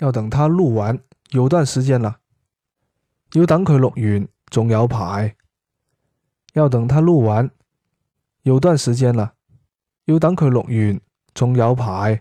要等他錄完，有段時間啦。要等佢錄完，仲有排。要等佢錄完，有段時間啦。要等佢錄完，仲有排。